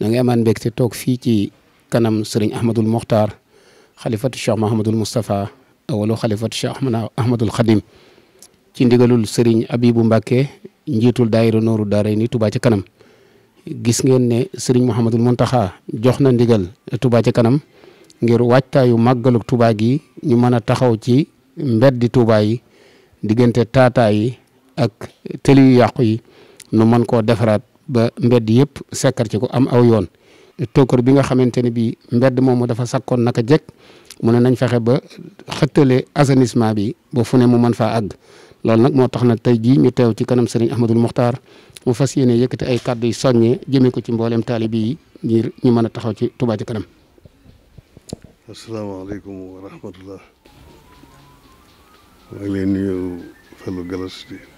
ñoo ngi amaan mbégte toog fii ci kanam sëriñ ahmadul muxtaar xalifatu cheikh mahamadul moustapha awalu xalifatu cheikh ahmadul xadim ci ndigalul sëriñ abibu mbake njiitul daayira nooru daaray ni tubaa ci kanam gis ngeen ne sëriñ mouhamadul montaxa jox na ndigal tubaa ci kanam ngir waajtaayu màggalu tubaa gi ñu mën a taxaw ci mbeddi tubaa yi diggante taataa yi ak tëli yu yi nu mën koo defaraat ba mbedd yëpp sekkar ci ko am aw yoon tokkar bi nga xamante ne bii mbedd moomu dafa sakkoon naka jekk mu ne nañ fexe ba xëttale assainissement bi boo fu ne mu man faa àgg loolu nag moo tax na tey jii ñu teew ci kanam sëriñ Ahmadul Muxtaar mu fas yéene yëkkati ay kàddu yu soññee jëmee ko ci mboolem taalibi yi ngir ñu mën a taxaw ci Touba ci kanam. asalaamaaleykum wa rahmatullah. maa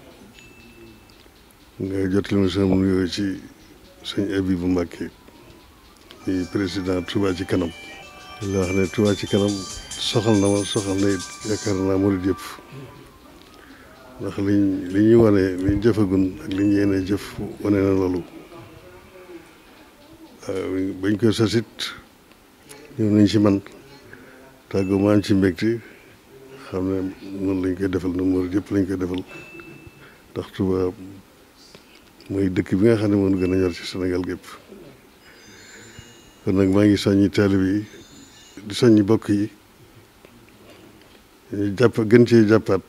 nga jottali ma sama nuyoo ci sëñ Abibu Mbàkke di président Touba ci kanam la wax ne Touba ci kanam soxal na ma soxal na it yaakaar naa murid yëpp ndax liñ li ñuy wane li ñu jëfagun ak li ñu yéene jëf wane na loolu bañ koy sasit ñëw nañ ci man tàggu ma am ci mbégte xam ne noonu lañ koy defal na murid yëpp lañ koy defal ndax Touba mooy dëkk bi nga xam ne moom gën a ñor ci Sénégal gépp kon nag maa ngi soññi taalib bi di soññi bokk yi jàpp gën ci jàppaat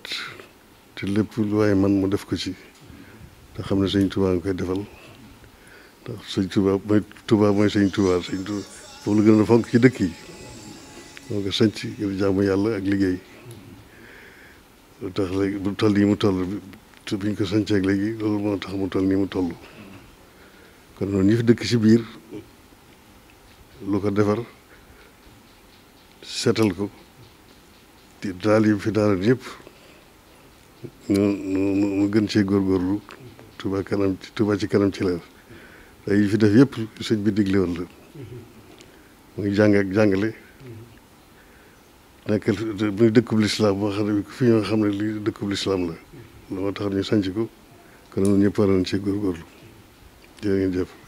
te lépp lu waaye man mu def ko ci te xam ne sëñ Tuubaa nga koy defal ndax sëñ Tuubaa mooy Tuubaa mooy sëñ Tuubaa sëñ Tuubaa moom la gën a fonk ci dëkk yi moo ko sanc ngir jaamu yàlla ak liggéey bu toll yi mu toll te biñ ko sanceeg léegi loolu moo tax mu toll mu toll kon noonu ñi fi dëkk ci biir lu ko defar seetal ko di daal yi fi daara yëpp ñu ñu gën cee góorgóorlu Touba kanam ci ci kanam ci leer day yi bi digle woon la muy jàng ak jàngale nekkal muy dëkkub lislaam boo xam ne fi ñoo xam ne lii dëkkub lislaam la looloo tax ñu sanc ko kon ñun ñëpp waroon ci góorgóorlu jërë ngeen jëf.